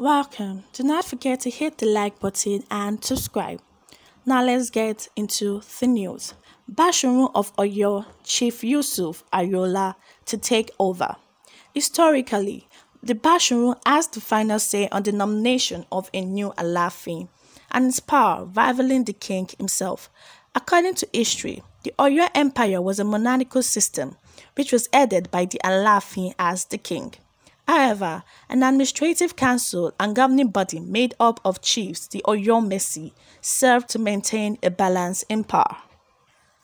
Welcome. Do not forget to hit the like button and subscribe. Now let's get into the news. Bashiru of Oyo, Chief Yusuf Ayola, to take over. Historically, the Bashiru has the final say on the nomination of a new Alafi, and his power rivaling the king himself. According to history, the Oyo Empire was a monarchical system, which was headed by the Alafi as the king. However, an administrative council and governing body made up of chiefs, the Oyo Messi, served to maintain a balance in power.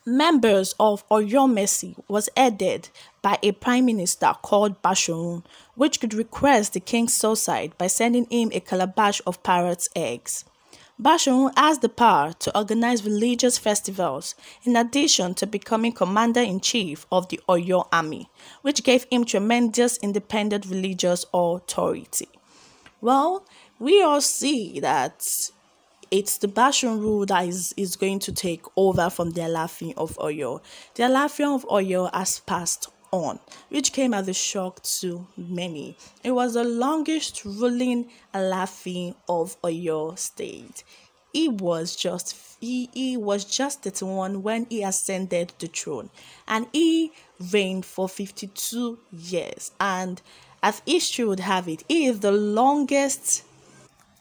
Members of Oyo Messi was headed by a prime minister called Bashorun, which could request the king's suicide by sending him a calabash of parrot's eggs. Bashirun has the power to organize religious festivals, in addition to becoming commander-in-chief of the Oyo army, which gave him tremendous independent religious authority. Well, we all see that it's the Bashun rule that is, is going to take over from the laughing of Oyo. The laughing of Oyo has passed on, which came as a shock to many. It was the longest ruling laughing of Oyo State. He was just he, he was just 31 when he ascended the throne, and he reigned for 52 years. And as history would have it, he is the longest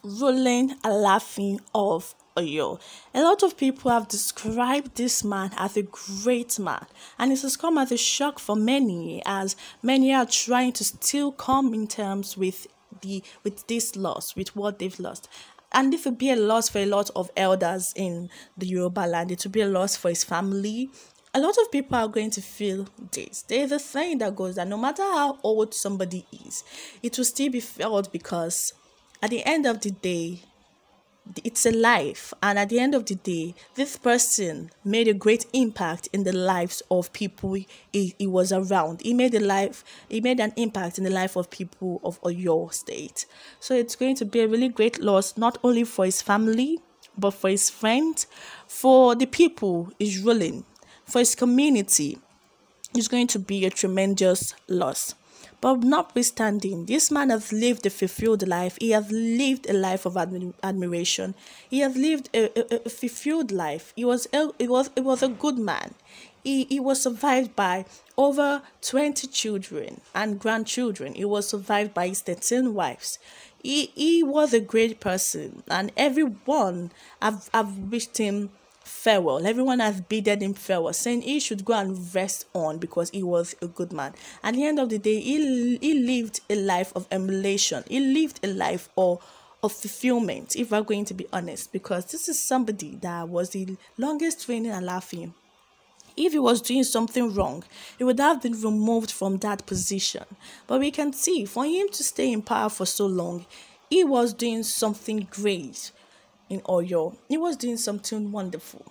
ruling laughing of Oyo. A lot of people have described this man as a great man, and it has come as a shock for many, as many are trying to still come in terms with the with this loss, with what they've lost. And this will be a loss for a lot of elders in the Yoruba land. It will be a loss for his family, a lot of people are going to feel this. There's a saying that goes that no matter how old somebody is, it will still be felt because at the end of the day, it's a life and at the end of the day this person made a great impact in the lives of people he, he was around he made a life he made an impact in the life of people of your state so it's going to be a really great loss not only for his family but for his friend for the people he's ruling for his community it's going to be a tremendous loss but notwithstanding, this man has lived a fulfilled life. He has lived a life of admi admiration. He has lived a, a, a fulfilled life. He was, a, he, was, he was a good man. He, he was survived by over 20 children and grandchildren. He was survived by his 13 wives. He, he was a great person, and everyone have, have wished him farewell. Everyone has bidded him farewell, saying he should go and rest on because he was a good man. At the end of the day, he, he lived a life of emulation. He lived a life of of fulfillment, if we're going to be honest, because this is somebody that was the longest reigning and laughing. If he was doing something wrong, he would have been removed from that position. But we can see for him to stay in power for so long, he was doing something great in Oyo. He was doing something wonderful.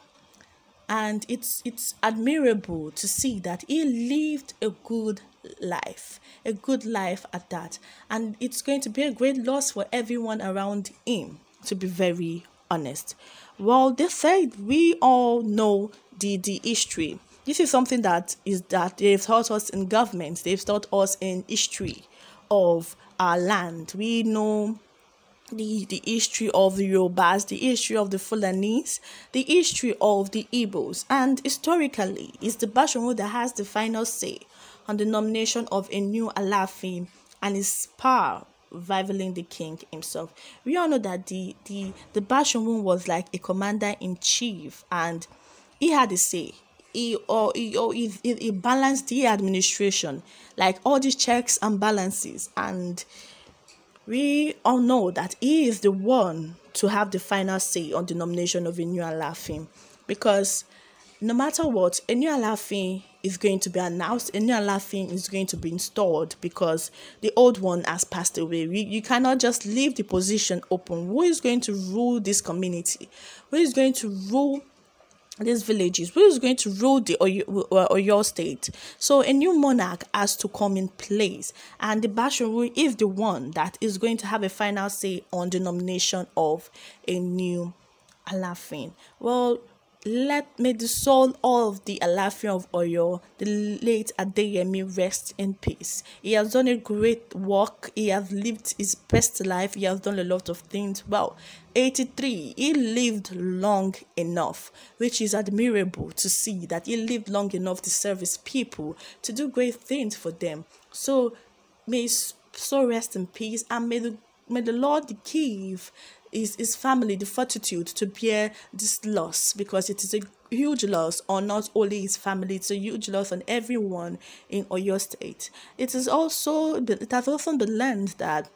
And it's it's admirable to see that he lived a good life, a good life at that. And it's going to be a great loss for everyone around him, to be very honest. Well, they said we all know the, the history. This is something that is that they've taught us in government, they've taught us in history of our land. We know the, the history of the Yorubas, the history of the Fulanese, the history of the Igbos, and historically, it's the Basharu that has the final say on the nomination of a new Alaafin and his power rivaling the king himself. We all know that the the the Basharu was like a commander in chief, and he had a say. He or he or he, he, he balanced the administration, like all these checks and balances, and we all know that he is the one to have the final say on the nomination of Inu Alafin because no matter what, Inu Alafin is going to be announced, Inu Alafin is going to be installed because the old one has passed away. We, you cannot just leave the position open. Who is going to rule this community? Who is going to rule these villages who is going to rule the uh, Oyo state. So a new monarch has to come in place and the Bashirun is the one that is going to have a final say on the nomination of a new Alafin. Well, let me the soul of the Alafian of Oyo, the late Adeyemi, rest in peace. He has done a great work. He has lived his best life. He has done a lot of things well. 83 he lived long enough which is admirable to see that he lived long enough to serve his people to do great things for them so may so rest in peace and may the may the lord give his, his family the fortitude to bear this loss because it is a huge loss on not only his family, it's a huge loss on everyone in Oyo State. It is also it has often been learned that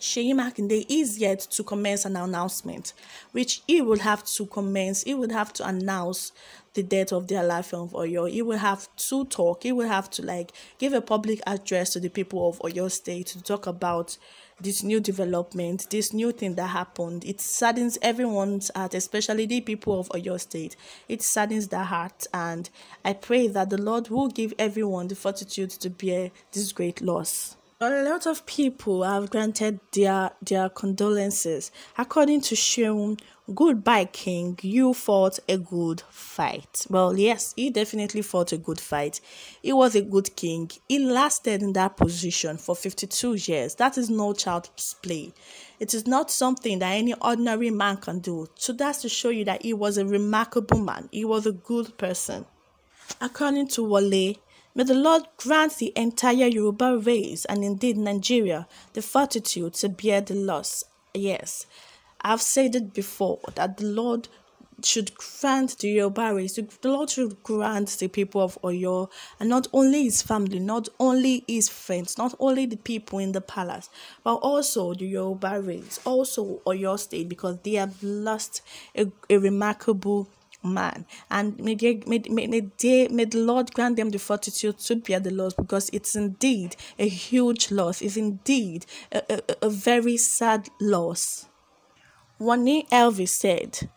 Sheyi Makinde is yet to commence an announcement, which he would have to commence. He would have to announce the death of the life of Oyo. He will have to talk. He will have to like give a public address to the people of Oyo State to talk about this new development, this new thing that happened. It saddens everyone's heart, especially the people of Oyo State. It saddens their heart, and I pray that the Lord will give everyone the fortitude to bear this great loss. A lot of people have granted their, their condolences. According to Sheung, goodbye, King. You fought a good fight. Well, yes, he definitely fought a good fight. He was a good king. He lasted in that position for 52 years. That is no child's play. It is not something that any ordinary man can do. So that's to show you that he was a remarkable man. He was a good person. According to Wale, May the Lord grant the entire Yoruba race and indeed Nigeria the fortitude to bear the loss. Yes, I've said it before that the Lord should grant the Yoruba race, the Lord should grant the people of Oyo, and not only his family, not only his friends, not only the people in the palace, but also the Yoruba race, also Oyo state, because they have lost a, a remarkable man. And may, may, may, they, may the Lord grant them the fortitude to bear the loss because it's indeed a huge loss. It's indeed a, a, a very sad loss. Wani Elvis said,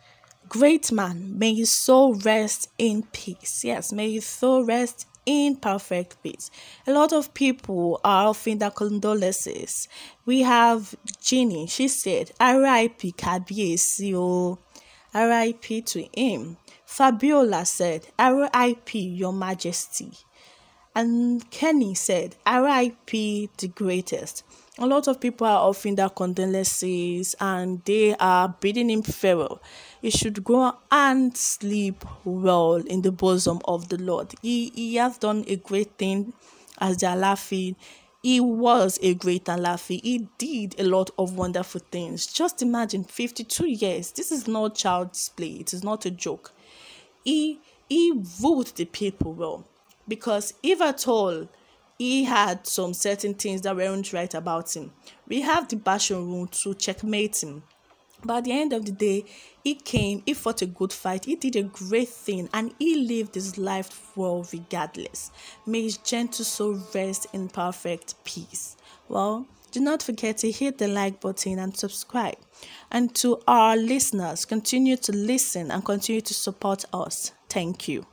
Great man, may his soul rest in peace. Yes, may his soul rest in perfect peace. A lot of people are offering their condolences. We have Jeannie, she said, R.I.P. Kabiesi. RIP to him. Fabiola said, RIP, Your Majesty. And Kenny said, RIP, the greatest. A lot of people are offering their condolences and they are bidding him farewell. He should go and sleep well in the bosom of the Lord. He, he has done a great thing as they are laughing he was a great Alafi. He did a lot of wonderful things. Just imagine 52 years. This is not child's play. It is not a joke. He he ruled the people well because if at all he had some certain things that weren't right about him, we have the Bashan rule to checkmate him. But at the end of the day, he came, he fought a good fight, he did a great thing, and he lived his life well regardless. May his gentle soul rest in perfect peace. Well, do not forget to hit the like button and subscribe. And to our listeners, continue to listen and continue to support us. Thank you.